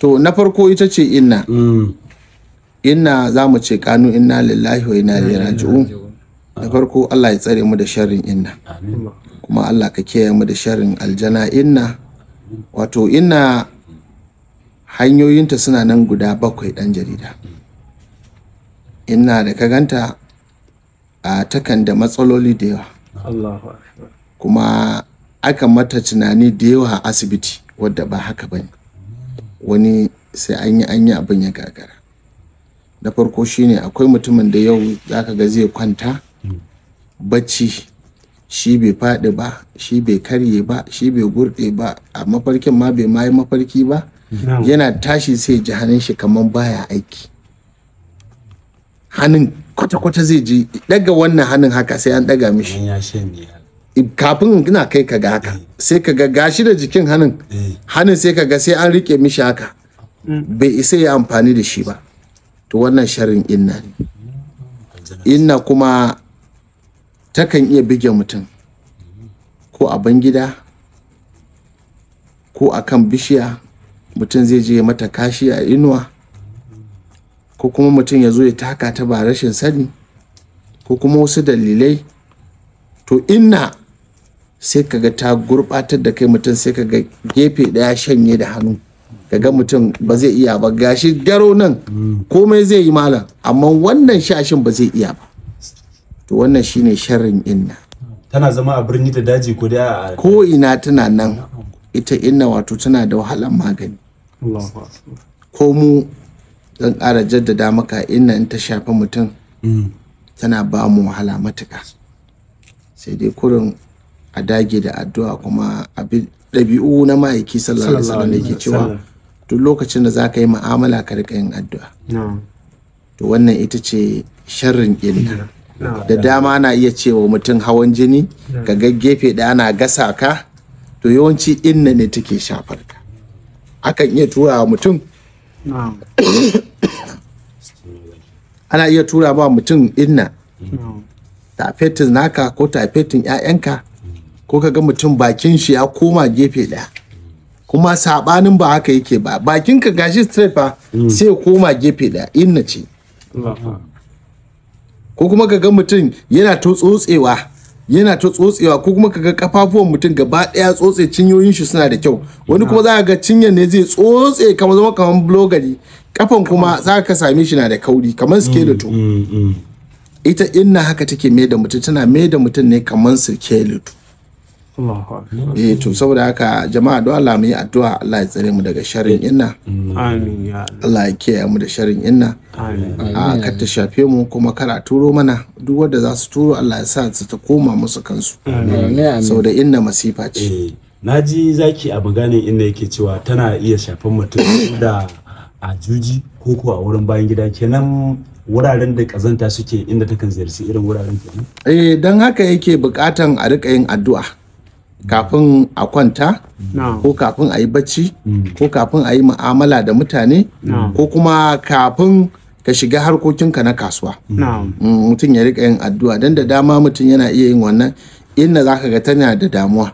to na farko ita ce inna mm. inna za mu ce kanu inna lillahi wa inna ilaihi raji'un na farko Allah ya tsare mu da sharrin inna kuma Allah ka kiyaye mu da sharrin aljana inna wato inna hanyoyinta suna nan guda bakwai dan jarida inna da ka ganta a takan da matsaloli da yawa kuma aka mata tunani da yawa a asibiti wadda ba haka bane wani sai an yi an yi abin ya gagara na farko shine akwai mutumin da yau zaka ga zai kwanta bacci shi bai faɗi ba shi bai karye ba shi bai gurɗe ba a mafarkin ma bai ma mafarki ba yana tashi sai ji hannun shi kamar baya aiki hannun kwata-kwata zai ji daga wannan hannun haka sai an daga mishi kafin ina kai ka ga haka eh. sai ka ga gashi da jikin hannun eh. hannun sai ka ga sai an rike mishi haka mm. bai isa ya amfani da shi ba to wannan sharrin inna ne inna kuma takan iya bige mutum ko a bangida ko a kan bishiya mutum zai je mata kashi a inuwa ko kuma mutum ya zo ya taka ta ba rashin sani ko kuma wasu dalilai to inna sai ka ga ta gurbatar da kai mutum sai ka ga gefe daya shanye da hannu ka ga mutum ba zai iya ba gashi garo nan komai zai yi malam amma wannan shashin ba zai iya ba to wannan shine sharrin inna tana zama a birni da daji ko da ko ina tana nan ita inna wato tana da wahalan magani ko mu zan ƙara jaddada maka inna in ta shafi mutum mm. tana ba mu wahala matuka sai dai kurin a dage da addu'a kuma abin ɗabi'u na ma'aiki sallallahu alaihi wasallam yake cewa duk lokacin da za ka yi ma'amala ka rika yin addu'a to wannan ita ce sharrin illa da dama ana iya cewa mutum hawan jini ka ga gefe da ana gasa ka to yawanci inna ne take shafar ka akan iya tura wa mutum ana iya tura ba mutum inna tafetin naka ko tafetin 'ya'yanka ko ka ga mutum bakin shi ya koma gefe daya kuma sabanin ba haka yake ba bakin ka gashi straight fa mm. sai koma gefe ɗaya inna ce ko kuma ka ga mutum yana ta tsotsewa yana ta tsotsewa ko kuma ka ga kafafuwan mutum gaba daya tsotse cinyoyin shi suna da kyau wani kuma za ka ga cinyan ne zai tsotse kamar zama kamar blogari kafan kuma za ka same shi na da kauri kamar skeleton mm, mm, ita inna haka take mai da mutum tana mai da mutum ne kamar skeleton eh to saboda haka jama'a don Allah mu yi addu'a Allah ya tsare mu daga sharrin inna amin Allah ya kiyaye mu da sharrin inna amin a ah, kar ta shafe mu kuma kara turo mana duk wanda za su turo Allah ya sa su ta koma musu kansu amin saboda inna masifa ce eh, naji zaki a maganin inna yake cewa tana iya shafan mutum da a juji ko ko a wurin bayan gida kenan wuraren da kazanta suke inda takan ziyarci irin wuraren kenan eh dan haka yake bukatan a rika yin addu'a kafin a kwanta ko kafin a yi bacci mm. ko kafin a yi mu'amala da mutane ko kuma kafin ka shiga harkokinka na kasuwa mm, mutum ya rika yin addu'a don da dama mutum yana iya yin wannan inda za ka ga tana da damuwa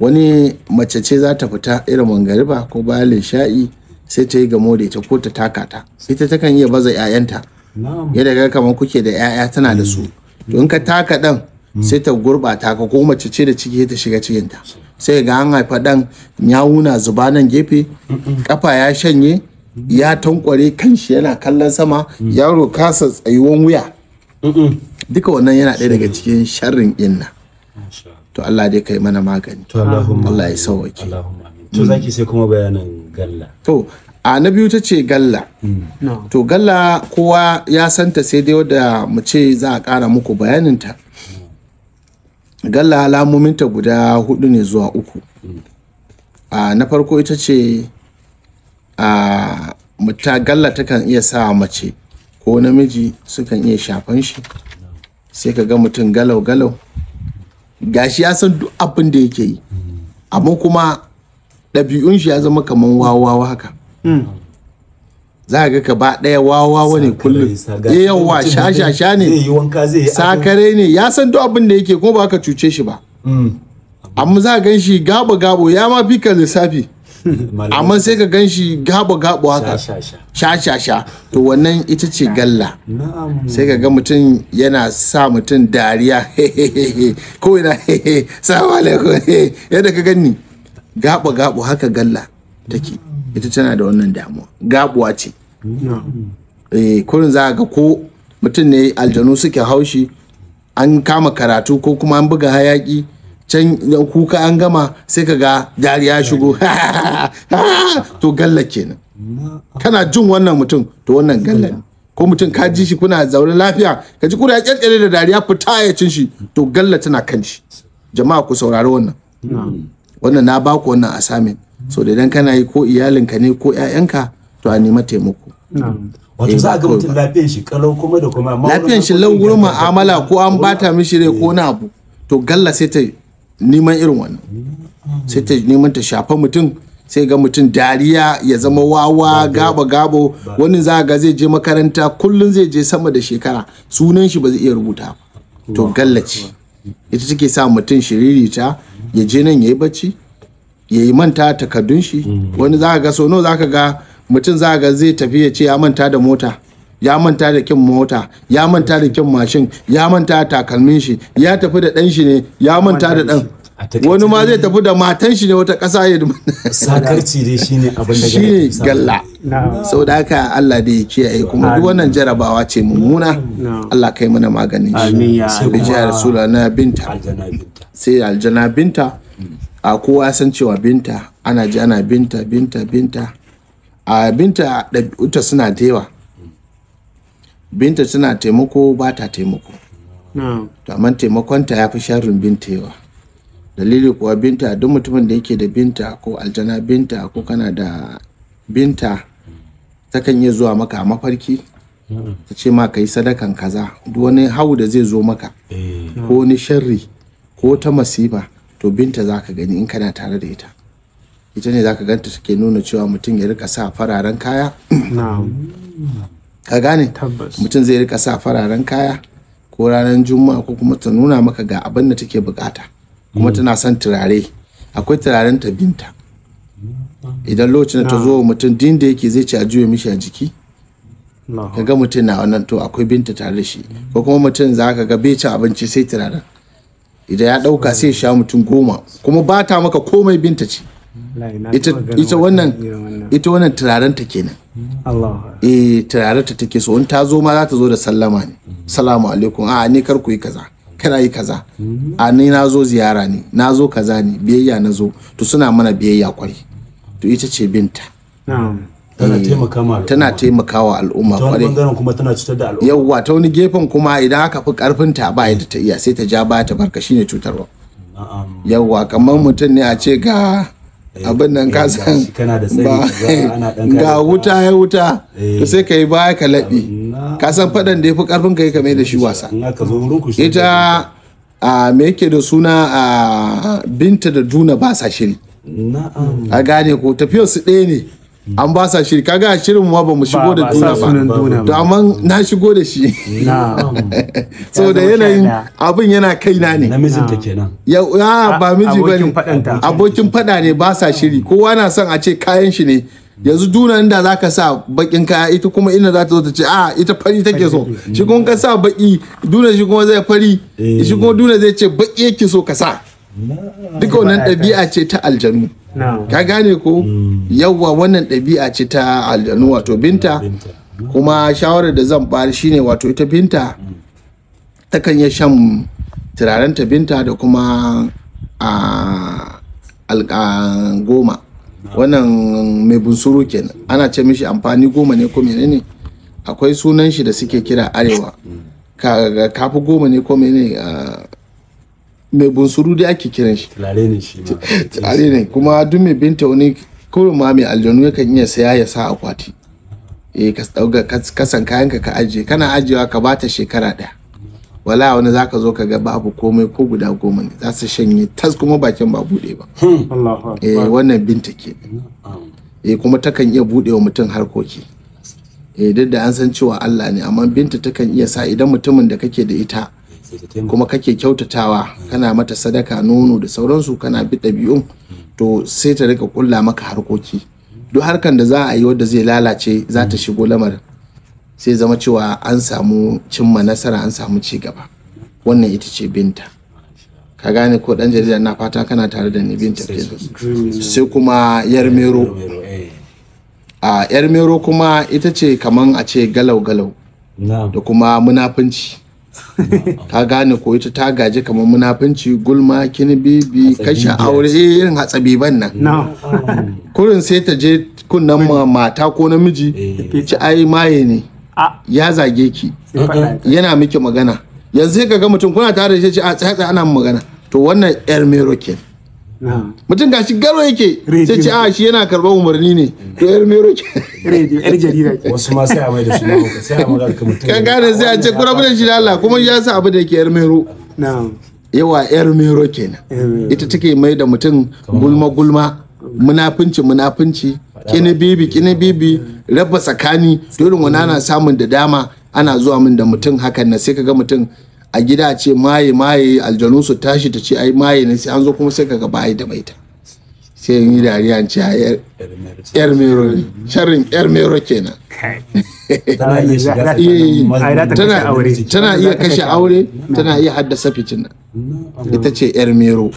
wani mace ce za ta fita irin mangariba ko bayan lishai sai ta yi gamo da ita ko ta taka ta ita takan iya baza 'ya'yanta yadda ga kamar kuke da 'ya'ya tana da su mm. to in ka taka dan Mm. sai ta gurɓata ka ko mace ce da ciki ta shiga cikinta sai ga an haifa dan ya wuna zuba nan gefe kafa ya shanye ya tankware kanshi yana kallon sama yaro kasa tsayuwan wuya duka wannan yana ɗaya daga cikin sharrin inna to Allah dai kai mana magani Allah ya sauwake to zaki sai kuma bayanin galla to a na biyu ta ce galla mm. to galla kowa ya santa sai dai wadda mu ce za a ƙara muku bayanin ta galla alamominta guda hudu ne zuwa uku hmm. a na farko ita ce a galla takan iya sa mace ko namiji sukan iya shafan shi sai ka ga mutum galau-galau gashi ya san duk abin da yake yi hmm. amma kuma ɗabi'un shi ya zama kamar wawawa haka hmm. za ga ba ɗaya wawa ne kullum yawa shashasha ne sakare ne ya san duk abin da yake kuma ba ka cuce shi ba mm. amma za gan shi gabo gabo ya ma fi kan lissafi amma sai ka gan shi gabo gabo haka shashasha to wannan ita ce galla sai ka ga mutum yana sa mutum dariya ko yana salamu alaikum yadda ka gani gabo gabo haka galla take ita tana da wannan damuwa gabuwa ce eh kurin za ga ko mutum ne aljanu suke haushi an kama karatu ko kuma an buga hayaki can kuka an gama sai ka ga jari ya shigo to galla kenan kana jin wannan mutum to wannan galla ne ko mutum ka ji shi kuna zaune lafiya ka ji kuna kyalkyale da dariya fita ya cin shi to galla tana kan shi jama'a ku saurari wannan wannan na baku wannan assignment so da idan kana yi ko iyalinka ne ko 'ya'yanka to a nema taimako wato za a ga mutum lafiyar shi kalau kuma da kuma lafiyar shi lau wurin ko an bata mishi rai ko na abu to galla sai ta neman irin wannan sai ta neman ta shafa mutum sai ga mutum dariya ya zama wawa gaba gabo wani za ga zai je makaranta kullum zai je sama da shekara sunan shi ba zai iya rubuta ba to gallaci ita take sa mutum shiririta ya je nan ya yi bacci ya yi manta takardun shi hmm. wani za ga so nawa za ka ga mutum za ga zai tafi ya ce ya manta da mota ya manta da kin mota ya manta da kin mashin ya manta da takalmin shi ya tafi da dan shi ne ya manta da ɗan wani ma zai tafi da matan shi ne wata ƙasa ya sakarci dai shine abin da shine galla sau da haka Allah da ya kiyaye kuma duk wannan jarabawa ce mummuna Allah kai mana maganin shi sai bijiya na binta sai aljana binta a kowa san cewa binta ana ji ana binta binta binta a binta ɗabi'uta suna tewa binta tana taimako ba ta taimako to amma taimakonta ya fi sharrin binta yawa dalili kuwa binta duk mutumin da yake da binta ko aljana binta ko kana da binta ta kan yi zuwa maka a mafarki ta ce ma ka yi sadakan kaza duk wani hau da zai zo maka eh. ko wani sharri ko ta masifa to binta za ka gani in kana tare da ita ita ne zaka ganta take nuna cewa mutum ya rika sa fararen kaya ka gane mutum zai rika sa fararen kaya ko ranar juma'a ko kuma ta nuna maka ga abin da take bukata kuma mm. tana son turare akwai turaren ta binta idan lokacin ta zo mutum din da yake zai ci a juya mishi a jiki ka ga mutum na wannan to akwai binta tare da shi ko kuma mutum za ka ga bai ci abinci sai turaren idan ya dauka sai sha mutum goma kuma ba ta maka komai binta ce ita wannan turaren ta kenan eh turaren ta take so in ta zo ma za ta zo da sallama ne salamu alaikum a ni kar ku yi kaza kana yi kaza a ni na zo ziyara ne na zo kaza ne biyayya na zo to suna mana biyayya kwari to ita ce binta eh, tana taimakawa al'umma kwarai yawwa ta wani gefen kuma idan aka fi karfin ta ba yadda ta iya sai ta ja baya ta barka shine cutarwa yawwa kamar mutum ne a ce ga Eh, abin nan eh, ka san ba ga eh, wuta ya wuta to sai ka yi baya ka laɓi ka san faɗan da ya fi ƙarfin ka yi kame da shi wasa ita a me yake da suna a binta da duna ba sa shiri a gane ko tafiyar su ɗaya ne an ba sa shiri kaga a shirin ma ba mu shigo da duna ba to amma na shigo da shi so da yanayin abin yana kaina ne namijinta kenan ya ba miji ba ne abokin fada ne ba sa shiri kowa na son a ce kayan shi ne yanzu duna inda za ka sa bakin kaya ita kuma ina za ta zo ta ce a ah, ita fari take so shi kuma ka sa baki duna shi kuma zai fari eh. shi kuma duna zai ce baki yake so ka sa duk wannan ɗabi'a ce ta aljanu ka gane ko mm. yawwa wannan ɗabi'a ce ta aljanu wato binta kuma shawarar da zan bayar shine wato ita binta mm. takan iya shan turarenta binta da kuma a alƙa goma wannan mai bunsuru kenan ana ce mishi amfani goma ne ko menene akwai sunan shi da suke kira arewa mm. kafi goma ne ko menene mai bunsuru dai ake kiran shi tulare ne shi kuma duk mai binta wani kawai ma mai aljanu yakan iya saya ya sa akwati eh ka dauka kasan kayanka ka ajiye kana ajiyewa ka bata shekara daya wala wani zaka zo ka ga babu komai ko guda goma ne za su shanye tas kuma bakin ba bude ba hmm. eh wannan binta ke eh kuma takan iya bude wa mutum harkoki eh duk da an san cewa Allah ne amma binta takan iya sa idan mutumin da kake da ita kuma kake kyautatawa eh. kana mata sadaka nono da sauransu kana bi ɗabi'un hmm. to sai ta rika kulla maka harkoki duk harkan da za a yi wadda zai lalace za ta hmm. shigo lamarin sai zama cewa an samu cimma nasara an samu ci gaba wannan ita ce binta ka gane ko dan jarida na fata kana tare da ni binta sai kuma yarmero eh. a yarmero kuma ita ce kaman a ce galau galau da kuma munafunci ka gane ko ita ta gaji kamar munafunci gulma kinibibi kashe aure irin hatsabi nan kurin sai ta je kunnan mata ko namiji eh. ci ai maye ne ya zage ki yana miki magana yanzu ka ga mutum kuna tare da shi a tsaya ana magana to wannan yar mero kenan mutum ga shi garo yake sai ce a ah, shi yana karɓar umarni ne to yar mero ke yar jarida ke wasu ma sai a mai da su sai a mai da mutum gane sai a ce kura rabu shi da Allah kuma ya sa abu da yake yar mero yawa yar mero kenan ita take mai da mutum gulma gulma munafunci munafunci kini bibi kini bibi raba tsakani dole wani ana samun da dama ana zuwa min da mutum hakan na sai kaga mutum a gida a ce maye maye aljanu su tashi ta ce ai maye ne sai an zo kuma sai kaga ba ai da mai ta sai yi dariya ce a yar mero sharrin yar mero kenan tana iya kashe aure tana iya haddasa fitina ita ce yar mero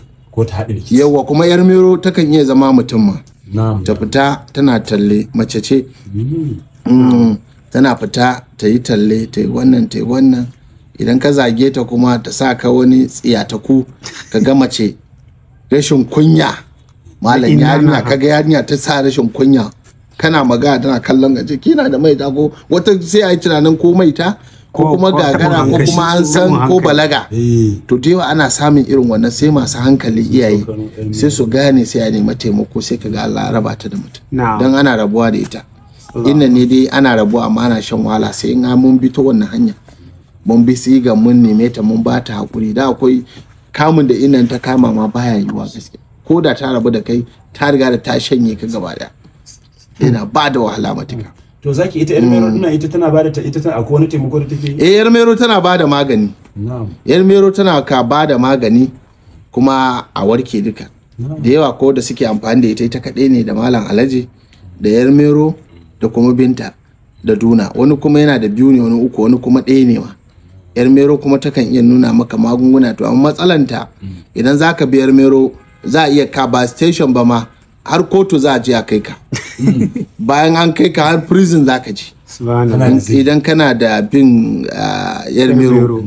yawa kuma yar mero takan iya zama mutum ma ta fita tana talle mace ce mm. Mm. tana fita ta yi talle ta yi wannan ta yi wannan idan ka zage ta kuma ta sa ka wani tsiyataku ka ga mace rashin kunya malam yarinya ka ga yarinya ta sa rashin kunya kana magana tana kallon ce kina da maita ko wata sai a yi tunanin ko maita ko kuma gagara ko kuma an san ko balaga eh. to da yawa ana samun irin wannan sai masu hankali iyaye sai su gane sai a nema taimako sai ka ga Allah raba ta da mutum don ana rabuwa da ita inda ne dai ana rabuwa amma ana shan wahala sai in mun bi ta wannan hanya mun bi siga mun neme ta mun ba ta hakuri da akwai kamun da inan ta kama ma baya yiwa gaske ko da ta rabu da kai ta riga da ta shanye ka gaba da yana ba da wahala matuƙa to zaki ita yar mero ina ita tana bada ta ita tana akwai wani taimako da take eh yar mero tana bada magani na'am yar mero tana ka da magani kuma a warke duka da yawa ko da suke amfani da ita ita kaɗai ne da malam alaji da yar mero da kuma binta da duna wani kuma yana da biyu ne wani uku wani kuma ɗaya ne ma yar mero kuma takan iya nuna maka magunguna to amma matsalanta mm. idan za ka bi yar mero za a iya ka ba station ba ma har kotu za a je a kai ka mm. bayan an kai ka har prison za ka je idan kana da bin ah, yar mero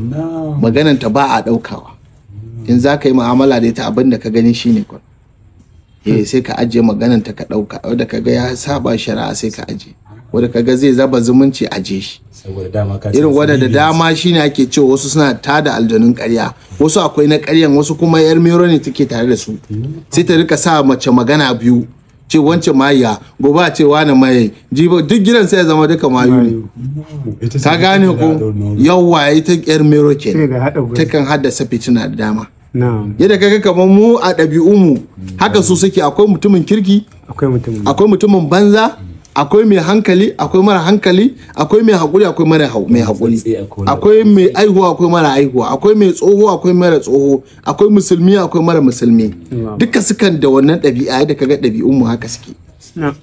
magananta ba a daukawa in za ka yi mu'amala da ita abin ka gani shine kwan eh, sai ka ajiye maganan ka dauka wanda ka ga ya saba shari'a sai ka ajiye wanda ka ga zai zaba zumunci aje shi saboda irin wadda da dama shine ake cewa wasu suna tada aljanun karya wasu akwai na karyan wasu kuma yar mero ne take tare da su sai ta rika sa mace magana biyu ce wancan mayya gobe a ce wani maye jibo duk gidan sai ya zama duka mayu ne ka gane ko yawwa ita yar mero ke takan haddasa fitina da dama yadda kaga kamar mu a ɗabi'u mu haka su mm. suke akwai mutumin kirki akwai mutumin banza akwai mai hankali akwai mara hankali akwai mai hakuri akwai mara mai hakuri akwai mai aihuwa akwai mara aihuwa akwai mai tsoho akwai mara tsoho akwai musulmi akwai mara musulmi duka sukan da wannan ɗabi'a da kaga ɗabi'un mu haka suke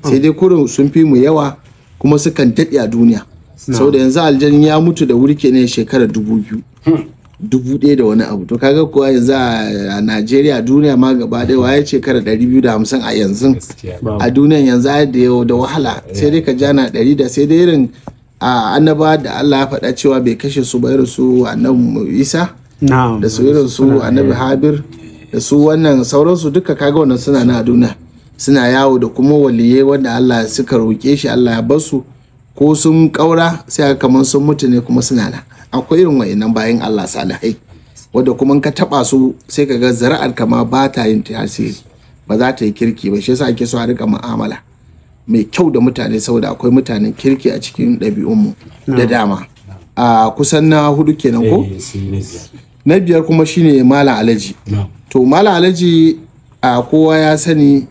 sai dai kurin sun fi mu yawa kuma sukan daɗe a duniya saboda yanzu aljan ya mutu da wuri kenan shekarar dubu biyu hmm. dubu ɗaya da wani abu to kaga kuwa yanzu a najeriya duniya ma gaba ɗaya waye ce kara ɗari biyu da hamsin a yanzu a duniyan yanzu a da yau da wahala eh. sai dai ka jana ɗari da sai dai irin a annaba da allah ya faɗa cewa bai kashe su ba irin su annabi isa da su irin su annabi eh. habir da su wannan sauransu duka kaga wannan suna na duniya suna yawo da kuma waliyai wanda allah suka roƙe shi allah ya basu ko sun ƙaura sai kamar sun mutu ne kuma suna na akwai irin wa'annan bayan Allah salihai wadda kuma ka taba su sai ka ga zara'ar kama ma ba ta yin tasiri ba za ta yi kirki ba shi yasa ake so a rika mu'amala mai kyau da mutane saboda akwai mutanen kirki a cikin ɗabi'un mu. da dama a kusan na hudu kenan ko eh, na biyar kuma shine malam alaji to malam alaji a kowa ya sani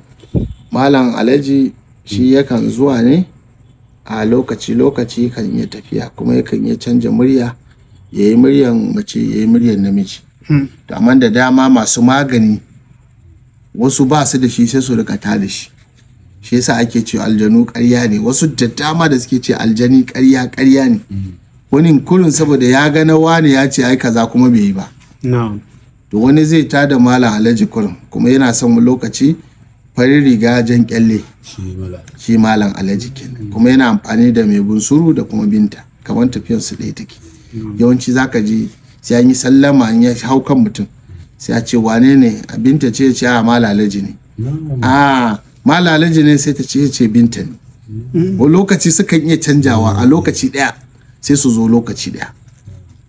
malam alaji shi mm. yakan zuwa ne a lokaci-lokaci kan yi tafiya kuma yakan iya canja murya yayi yi muryan mace ya muryan namiji hmm. to amma da dama masu magani wasu ba su da shi sai su rika ta da shi shi yasa ake ce aljanu karya ne wasu da dama da suke ce aljani karya karya ne hmm. wani kurin saboda ya ga na wani ya ce ai kaza kuma bai yi ba to wani zai ta da malam alhaji kurin kuma yana son lokaci farin riga jan kyalle shi malam alhaji kenan kuma yana amfani da mai bunsuru da kuma binta kamar tafiyar su ɗaya take Mm. yawanci zaka ji sai an yi sallama an ya hau kan mutum sai a ce wane ne binta ce ce a ah, malalaji ne a ah, malalaji ne sai ta ce ce binta ne mm. wani lokaci sukan iya canjawa a lokaci daya sai su zo lokaci daya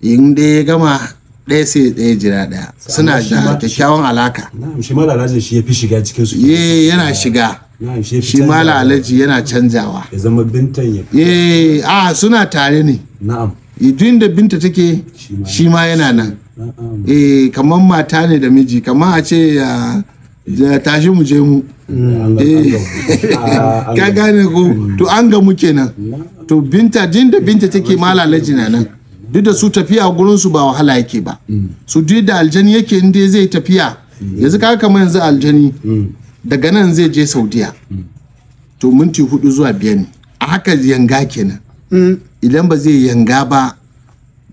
in dai ya gama ɗaya sai ɗaya jira ɗaya suna da kyakkyawan alaka shi malalaji shi ya fi shiga cikin su eh, yana shiga shi mala alaji yana canjawa ya zama bintan ya eh, a ah, suna tare ne na'am Eh, duk da binta take shi ma yana nan eh kamar mata ne da miji kamar a ce ya tashi mu je mu mm, eh, ah, ka gane ko to an ga mu kenan mm. to binta din da binta take malalaji na nan duk da su tafiya gurin su ba wahala yake ba mm. su duk da aljani yake inda zai tafiya yanzu ka kamar yanzu aljani daga nan zai je saudiya to minti hudu zuwa biyar ne a haka yanga kenan Mm. idan ba zai yanga ba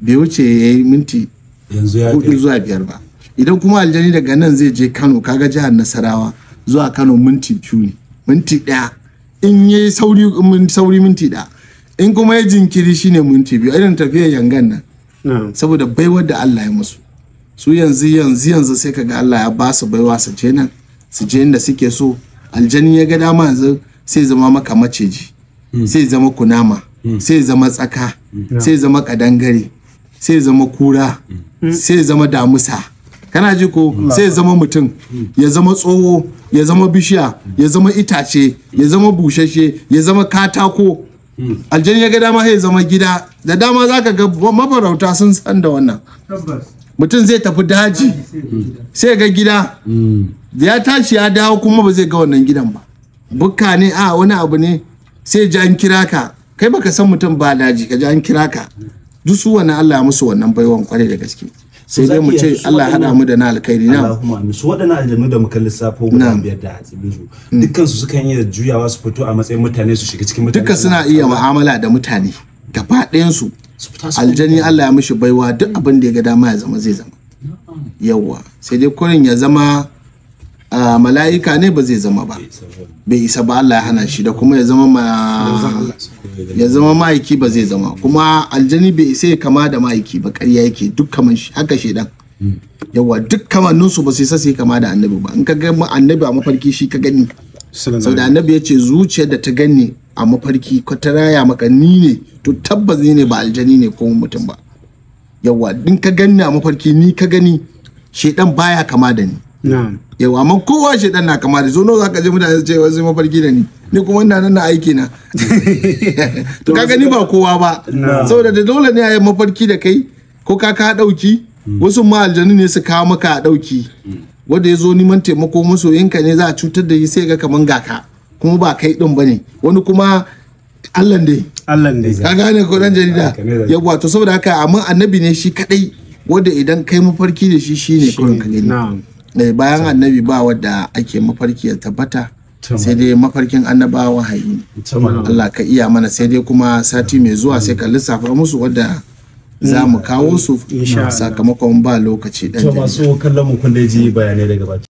bai wuce ya yi minti hudu zuwa biyar ba idan kuma aljani daga nan zai je kano kaga jihar nasarawa zuwa kano minti biyu ne minti ɗaya in ya yi sauri minti ɗaya in kuma ya jinkiri ne minti biyu irin tafiyar yangan nan saboda baiwar da allah ya musu su yanzu yanzu yanzu sai kaga allah ya ba su baiwa su je nan su je inda suke so aljani ya ga dama yanzu sai zama maka maceji. Hmm. sai zama kunama sai zama tsaka sai zama kadangare sai zama kura sai zama damusa kana ji ko sai zama mutum ya zama tsoho ya zama bishiya ya zama itace ya zama bushashe ya zama katako aljan ya ga dama sai zama gida da dama zaka ga mafarauta sun san da wannan mutum zai tafi daji sai ga gida ya tashi ya dawo kuma ba zai ga wannan gidan ba bukka ne a wani abu ne sai jan kira ka kai baka san mutum ba daji ka ji an kira ka duk su wannan Allah ya musu wannan baiwan kwarai da gaske sai dai mu ce Allah hada mu da na alkhairi na Allahumma amin su waɗannan aljannu da muka lissafo dan biyar da tsibiru dukkan su mm. sukan iya juyawa su fito a matsayin mutane su shiga cikin mutane dukkan suna iya mu'amala da mutane gaba ɗayan su aljani Allah ya mishi baiwa duk abin da ya ga dama ya zama zai zama yawwa sai dai kurin ya zama mala'ika ne ba zai zama ba bai isa ba Allah ya hana shi da kuma ya zama ya zama ma'aiki ba zai zama kuma aljani bai isa ya kama da ma'aiki ba ƙarya yake duk kaman haka shedan yawa duk kamannin su ba sai sa sai kama da annabi ba in ka ga annabi a mafarki shi ka gani da annabi ya ce zuciyar da ta gani a mafarki ko ta raya maka ni ne to tabbas ni ne ba aljani ne ko mutum ba yawa din ka gani a mafarki ni ka gani shedan baya kama da ni yawa amma kowa shi dan na kama da zo no zaka je mutane su ce wasu mafarki da ni ni kuma ina nan na aiki na to kaga ni ba kowa ba saboda da dole ne a yi mafarki da kai ko ka ka dauki hmm. wasu ma aljanu ne su kawo maka a dauki hmm. wanda ya zo neman taimako masoyinka ne za a cutar da shi sai ga kaman gaka kuma ba kai din bane wani kuma Allah ne Allah ne ka gane ko dan jarida yawa to saboda haka amma annabi ne shi kadai wanda idan kai mafarki da shi shine kuma ka gani na'am bayan annabi ba wadda ake mafarki ya tabbata sai dai mafarkin annabawa wahayi Allah ka iya mana sai dai kuma sati mai zuwa sai ka lissafa musu wadda za mu kawo su sakamakon ba lokaci ɗan masu kallon mu kun ji bayanai daga